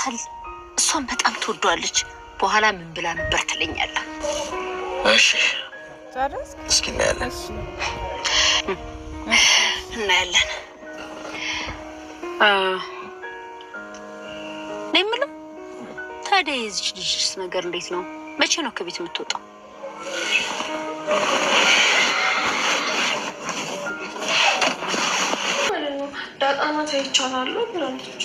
ይወዳታል፣ እሷን በጣም ትወዷለች። በኋላ ምን ብላ ነበር ትለኛለ? እሺ እስኪ እናያለን እናያለን የምለው ታዲያ የዚች ልጅስ ነገር እንዴት ነው? መቼ ነው ከቤት የምትወጣው? ዳጣማ አይቻላሉ ብላለች።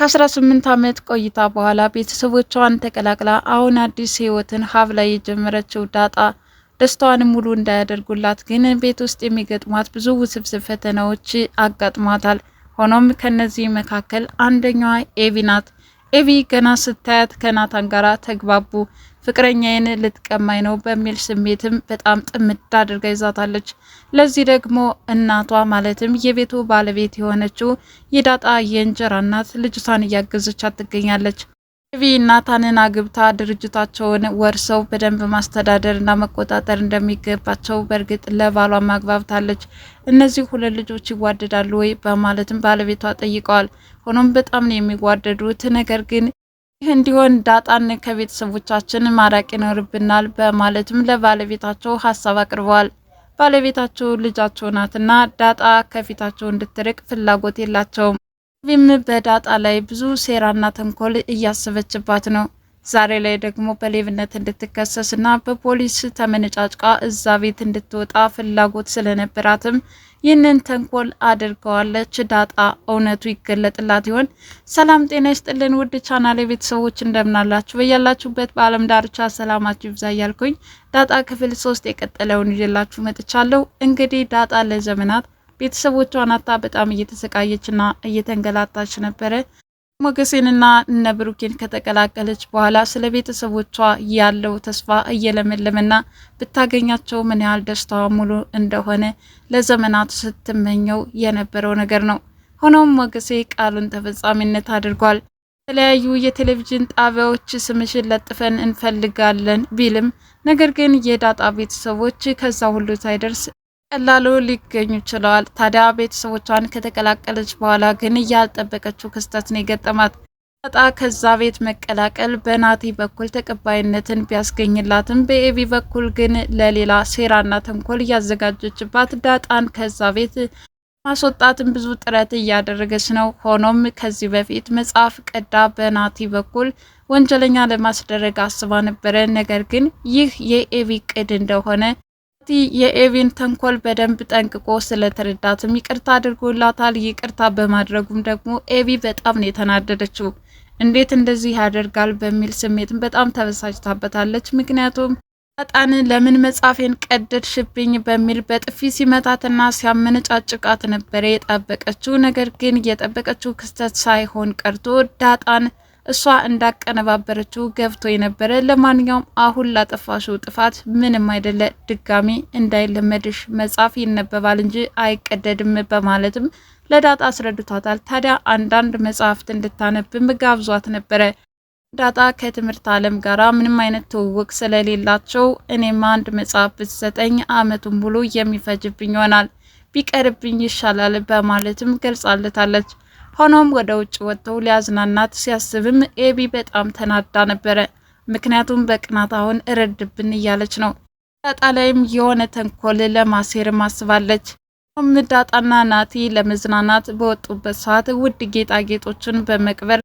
ከ18 ዓመት ቆይታ በኋላ ቤተሰቦቿን ተቀላቅላ አሁን አዲስ ህይወትን ሀብ ላይ የጀመረችው ዳጣ ደስታዋን ሙሉ እንዳያደርጉላት ግን ቤት ውስጥ የሚገጥሟት ብዙ ውስብስብ ፈተናዎች አጋጥሟታል። ሆኖም ከነዚህ መካከል አንደኛዋ ኤቪ ናት። ኤቪ ገና ስታያት ከናታን ጋራ ተግባቡ። ፍቅረኛዬን ልትቀማኝ ነው በሚል ስሜትም በጣም ጥምድ አድርጋ ይዛታለች። ለዚህ ደግሞ እናቷ ማለትም የቤቱ ባለቤት የሆነችው የዳጣ የእንጀራ እናት ልጅቷን እያገዘቻት ትገኛለች። ቪ ናታንን አግብታ ድርጅታቸውን ወርሰው በደንብ ማስተዳደርና መቆጣጠር እንደሚገባቸው በእርግጥ ለባሏ ማግባብታለች። እነዚህ ሁለት ልጆች ይዋደዳሉ ወይ በማለትም ባለቤቷ ጠይቀዋል። ሆኖም በጣም ነው የሚዋደዱት ነገር ግን ይህ እንዲሆን ዳጣን ከቤተሰቦቻችን ማራቅ ይኖርብናል በማለትም ለባለቤታቸው ሀሳብ አቅርበዋል። ባለቤታቸው ልጃቸው ናትና ዳጣ ከፊታቸው እንድትርቅ ፍላጎት የላቸውም። ቪም በዳጣ ላይ ብዙ ሴራና ተንኮል እያሰበችባት ነው። ዛሬ ላይ ደግሞ በሌብነት እንድትከሰስና በፖሊስ ተመነጫጭቃ እዛ ቤት እንድትወጣ ፍላጎት ስለነበራትም ይህንን ተንኮል አድርገዋለች። ዳጣ እውነቱ ይገለጥላት ይሆን? ሰላም ጤና ይስጥልን ውድ ቻናል የቤተሰቦች እንደምናላችሁ በያላችሁበት በአለም ዳርቻ ሰላማችሁ ይብዛ እያልኩኝ ዳጣ ክፍል ሶስት የቀጠለውን ይዤላችሁ መጥቻለሁ። እንግዲህ ዳጣ ለዘመናት ቤተሰቦቿን አታ በጣም እየተሰቃየችና እየተንገላታች ነበረ። ሞገሴንና ነብሩኬን ከተቀላቀለች በኋላ ስለ ቤተሰቦቿ ያለው ተስፋ እየለመለመና ብታገኛቸው ምን ያህል ደስታዋ ሙሉ እንደሆነ ለዘመናት ስትመኘው የነበረው ነገር ነው። ሆኖም ሞገሴ ቃሉን ተፈጻሚነት አድርጓል። የተለያዩ የቴሌቪዥን ጣቢያዎች ስምሽን ለጥፈን እንፈልጋለን ቢልም ነገር ግን የዳጣ ቤተሰቦች ከዛ ሁሉ ሳይደርስ ቀላሉ ሊገኙ ችለዋል። ታዲያ ቤተሰቦቿን ከተቀላቀለች በኋላ ግን እያልጠበቀችው ክስተት ነው የገጠማት። ዳጣ ከዛ ቤት መቀላቀል በናቲ በኩል ተቀባይነትን ቢያስገኝላትም በኤቢ በኩል ግን ለሌላ ሴራና ተንኮል እያዘጋጀችባት ዳጣን ከዛ ቤት ማስወጣትን ብዙ ጥረት እያደረገች ነው። ሆኖም ከዚህ በፊት መጽሐፍ ቀዳ በናቲ በኩል ወንጀለኛ ለማስደረግ አስባ ነበረ። ነገር ግን ይህ የኤቢ ቅድ እንደሆነ ናቲ የኤቪን ተንኮል በደንብ ጠንቅቆ ስለተረዳትም ይቅርታ አድርጎላታል። ይቅርታ በማድረጉም ደግሞ ኤቪ በጣም ነው የተናደደችው። እንዴት እንደዚህ ያደርጋል በሚል ስሜትም በጣም ተበሳጭታበታለች። ምክንያቱም ሰይጣንን ለምን መጻፌን ሽብኝ በሚል በጥፊ ሲመታትና ሲያመነጫጭቃት ነበረ የጠበቀችው። ነገር ግን የጠበቀችው ክስተት ሳይሆን ቀርቶ ዳጣን እሷ እንዳቀነባበረችው ገብቶ የነበረ። ለማንኛውም አሁን ላጠፋሽው ጥፋት ምንም አይደለ፣ ድጋሚ እንዳይለመድሽ መጽሐፍ ይነበባል እንጂ አይቀደድም በማለትም ለዳጣ አስረድቷታል። ታዲያ አንዳንድ መጽሐፍት እንድታነብም ጋብዟት ነበረ። ዳጣ ከትምህርት ዓለም ጋር ምንም አይነት ትውውቅ ስለሌላቸው እኔም አንድ መጽሐፍ ብትሰጠኝ አመቱን ሙሉ የሚፈጅብኝ ይሆናል ቢቀርብኝ ይሻላል በማለትም ገልጻለታለች። ሆኖም ወደ ውጭ ወጥተው ሊያዝናናት ሲያስብም ኤቢ በጣም ተናዳ ነበረ። ምክንያቱም በቅናት አሁን እረድብን እያለች ነው። ዳጣ ላይም የሆነ ተንኮል ለማሴር ማስባለች። ዳጣና ናቲ ለመዝናናት በወጡበት ሰዓት ውድ ጌጣጌጦችን በመቅበር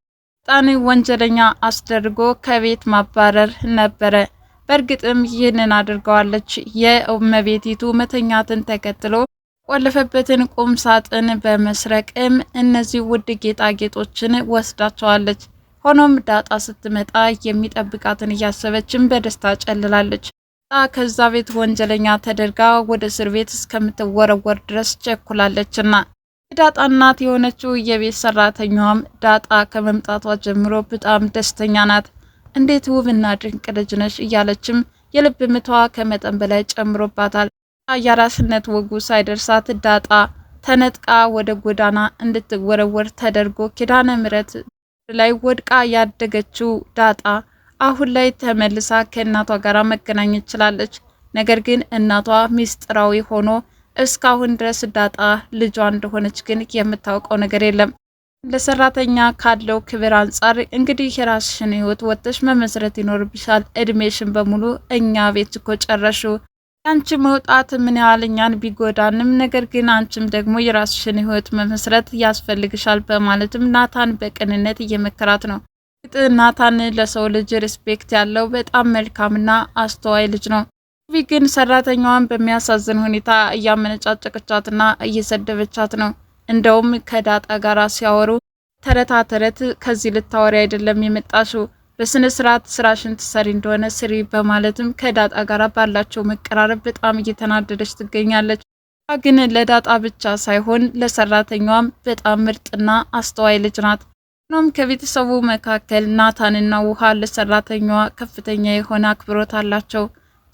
ጣን ወንጀለኛ አስደርጎ ከቤት ማባረር ነበረ። በእርግጥም ይህንን አድርገዋለች። የእመቤቲቱ መተኛትን ተከትሎ የተቆለፈበትን ቁም ሳጥን በመስረቅም እነዚህ ውድ ጌጣጌጦችን ወስዳቸዋለች። ሆኖም ዳጣ ስትመጣ የሚጠብቃትን እያሰበችም በደስታ ጨልላለች። ዳጣ ከዛ ቤት ወንጀለኛ ተደርጋ ወደ እስር ቤት እስከምትወረወር ድረስ ቸኩላለችና የዳጣ እናት የሆነችው የቤት ሰራተኛዋም ዳጣ ከመምጣቷ ጀምሮ በጣም ደስተኛ ናት። እንዴት ውብና ድንቅ ልጅ ነሽ እያለችም የልብ ምቷ ከመጠን በላይ ጨምሮባታል። የአራስነት ወጉ ሳይደርሳት ዳጣ ተነጥቃ ወደ ጎዳና እንድትወረወር ተደርጎ ኪዳነ ምሕረት ላይ ወድቃ ያደገችው ዳጣ አሁን ላይ ተመልሳ ከእናቷ ጋር መገናኘት ችላለች። ነገር ግን እናቷ ሚስጥራዊ ሆኖ እስካሁን ድረስ ዳጣ ልጇ እንደሆነች ግን የምታውቀው ነገር የለም። ለሰራተኛ ካለው ክብር አንጻር እንግዲህ የራስሽን ህይወት ወጥተሽ መመስረት ይኖርብሻል። እድሜሽን በሙሉ እኛ ቤት እኮ ጨረሹ የአንቺ መውጣት ምን ያህል እኛን ቢጎዳንም ነገር ግን አንቺም ደግሞ የራስሽን ህይወት መመስረት ያስፈልግሻል በማለትም ናታን በቅንነት እየመከራት ነው። ናታን ለሰው ልጅ ሪስፔክት ያለው በጣም መልካምና አስተዋይ ልጅ ነው። ቪ ግን ሰራተኛዋን በሚያሳዝን ሁኔታ እያመነጫጨቀቻትና እየሰደበቻት ነው። እንደውም ከዳጣ ጋር ሲያወሩ ተረታተረት ከዚህ ልታወሪ አይደለም የመጣሽው በስነ ስርዓት ስራሽን ትሰሪ እንደሆነ ስሪ በማለትም ከዳጣ ጋር ባላቸው መቀራረብ በጣም እየተናደደች ትገኛለች። ግን ለዳጣ ብቻ ሳይሆን ለሰራተኛዋም በጣም ምርጥና አስተዋይ ልጅ ናት። ሆኖም ከቤተሰቡ መካከል ናታንና ውሃ ለሰራተኛዋ ከፍተኛ የሆነ አክብሮት አላቸው።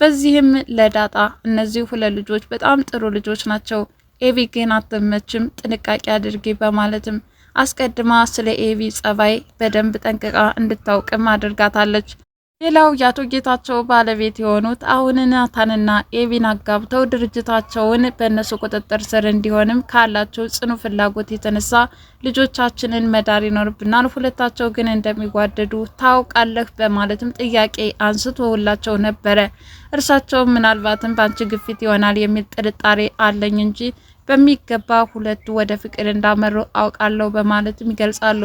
በዚህም ለዳጣ እነዚህ ሁለት ልጆች በጣም ጥሩ ልጆች ናቸው፣ ኤቢ ግን አትመችም፣ ጥንቃቄ አድርጌ በማለትም አስቀድማ ስለ ኤቪ ጸባይ በደንብ ጠንቅቃ እንድታውቅም አድርጋታለች። ሌላው የአቶ ጌታቸው ባለቤት የሆኑት አሁን ናታንና ኤቪን አጋብተው ድርጅታቸውን በእነሱ ቁጥጥር ስር እንዲሆንም ካላቸው ጽኑ ፍላጎት የተነሳ ልጆቻችንን መዳር ይኖርብናል፣ ሁለታቸው ግን እንደሚዋደዱ ታውቃለህ በማለትም ጥያቄ አንስቶላቸው ነበረ። እርሳቸው ምናልባትም በአንቺ ግፊት ይሆናል የሚል ጥርጣሬ አለኝ እንጂ በሚገባ ሁለቱ ወደ ፍቅር እንዳመሩ አውቃለሁ በማለትም ይገልጻሉ።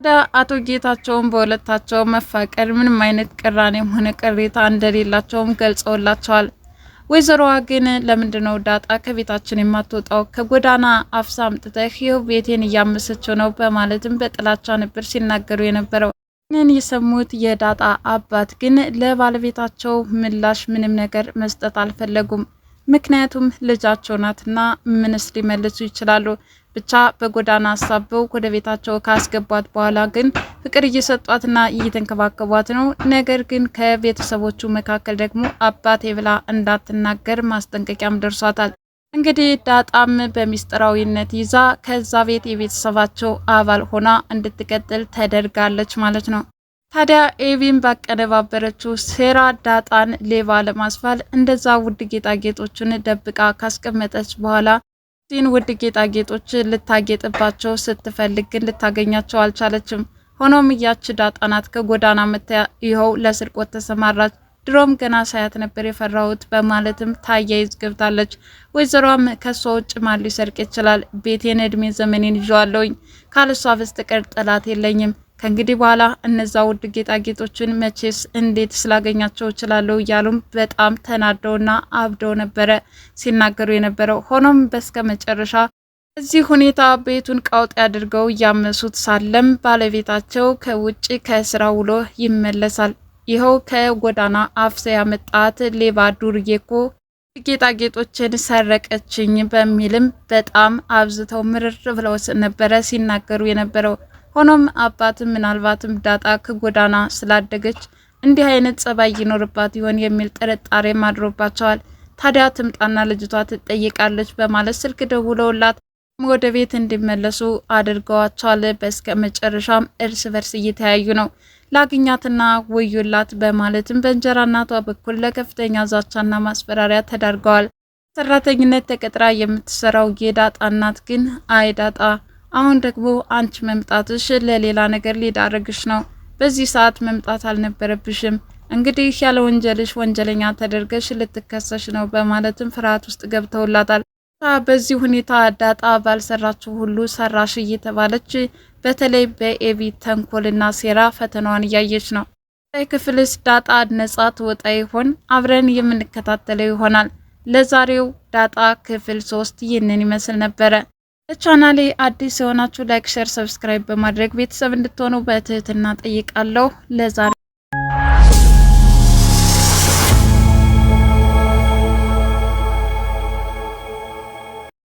ወደ አቶ ጌታቸውም በሁለታቸው መፋቀር ምንም አይነት ቅራኔም ሆነ ቅሬታ እንደሌላቸውም ገልጸውላቸዋል። ወይዘሮዋ ግን ለምንድነው ዳጣ ከቤታችን የማትወጣው? ከጎዳና አፍሳ አምጥተህ ይኸው ቤቴን እያመሰችው ነው በማለትም በጥላቻ ነበር ሲናገሩ የነበረው። ይህንን የሰሙት የዳጣ አባት ግን ለባለቤታቸው ምላሽ ምንም ነገር መስጠት አልፈለጉም። ምክንያቱም ልጃቸው ናትና ምንስ ሊመልሱ ይችላሉ? ብቻ በጎዳና አሳበው ወደ ቤታቸው ካስገቧት በኋላ ግን ፍቅር እየሰጧትና እየተንከባከቧት ነው። ነገር ግን ከቤተሰቦቹ መካከል ደግሞ አባቴ ብላ እንዳትናገር ማስጠንቀቂያም ደርሷታል። እንግዲህ ዳጣም በሚስጥራዊነት ይዛ ከዛ ቤት የቤተሰባቸው አባል ሆና እንድትቀጥል ተደርጋለች ማለት ነው። ታዲያ ኤቪን ባቀነባበረችው ሴራ ዳጣን ሌባ ለማስባል እንደዛ ውድ ጌጣጌጦችን ደብቃ ካስቀመጠች በኋላ ዚህን ውድ ጌጣጌጦች ልታጌጥባቸው ስትፈልግ ግን ልታገኛቸው አልቻለችም። ሆኖም እያች ዳጣናት ከጎዳና መታ ይኸው ለስርቆት ተሰማራች። ድሮም ገና ሳያት ነበር የፈራሁት በማለትም ታያይዝ ገብታለች። ወይዘሮም ከሷ ውጭ ማን ሊሰርቅ ይችላል? ቤቴን እድሜ ዘመኔን ይዤዋለሁኝ፣ ካለሷ በስተቀር ጠላት የለኝም ከእንግዲህ በኋላ እነዛ ውድ ጌጣጌጦችን መቼስ እንዴት ስላገኛቸው እችላለሁ እያሉም በጣም ተናደውና አብደው ነበረ ሲናገሩ የነበረው። ሆኖም በስከ መጨረሻ እዚህ ሁኔታ ቤቱን ቀውጢ አድርገው እያመሱት ሳለም ባለቤታቸው ከውጭ ከስራ ውሎ ይመለሳል። ይኸው ከጎዳና አፍሰ ያመጣት ሌባ ዱርዬ እኮ ጌጣጌጦችን ሰረቀችኝ በሚልም በጣም አብዝተው ምርር ብለው ነበረ ሲናገሩ የነበረው። ሆኖም አባትም ምናልባትም ዳጣ ከጎዳና ስላደገች እንዲህ አይነት ጸባይ ይኖርባት ይሆን የሚል ጥርጣሬም አድሮባቸዋል። ታዲያ ትምጣና ልጅቷ ትጠይቃለች በማለት ስልክ ደውለውላት ወደ ቤት እንዲመለሱ አድርገዋቸዋል። በስከ መጨረሻም እርስ በርስ እየተያዩ ነው። ላግኛትና ውዩላት በማለትም በእንጀራ እናቷ በኩል ለከፍተኛ ዛቻና ማስፈራሪያ ተዳርገዋል። ሰራተኝነት ተቀጥራ የምትሰራው የዳጣ እናት ግን አይ ዳጣ አሁን ደግሞ አንቺ መምጣትሽ ለሌላ ነገር ሊዳረግሽ ነው። በዚህ ሰዓት መምጣት አልነበረብሽም። እንግዲህ ያለ ወንጀልሽ ወንጀለኛ ተደርገሽ ልትከሰሽ ነው በማለትም ፍርሃት ውስጥ ገብተውላታል። በዚህ ሁኔታ ዳጣ ባልሰራችው ሁሉ ሰራሽ እየተባለች በተለይ በኤቢ ተንኮልና ሴራ ፈተናዋን እያየች ነው። ቀጣይ ክፍልስ ዳጣ ነጻ ትወጣ ይሆን? አብረን የምንከታተለው ይሆናል። ለዛሬው ዳጣ ክፍል ሶስት ይህንን ይመስል ነበረ። ለቻናሌ አዲስ የሆናችሁ ላይክ፣ ሸር፣ ሰብስክራይብ በማድረግ ቤተሰብ እንድትሆኑ በትህትና ጠይቃለሁ። ለዛ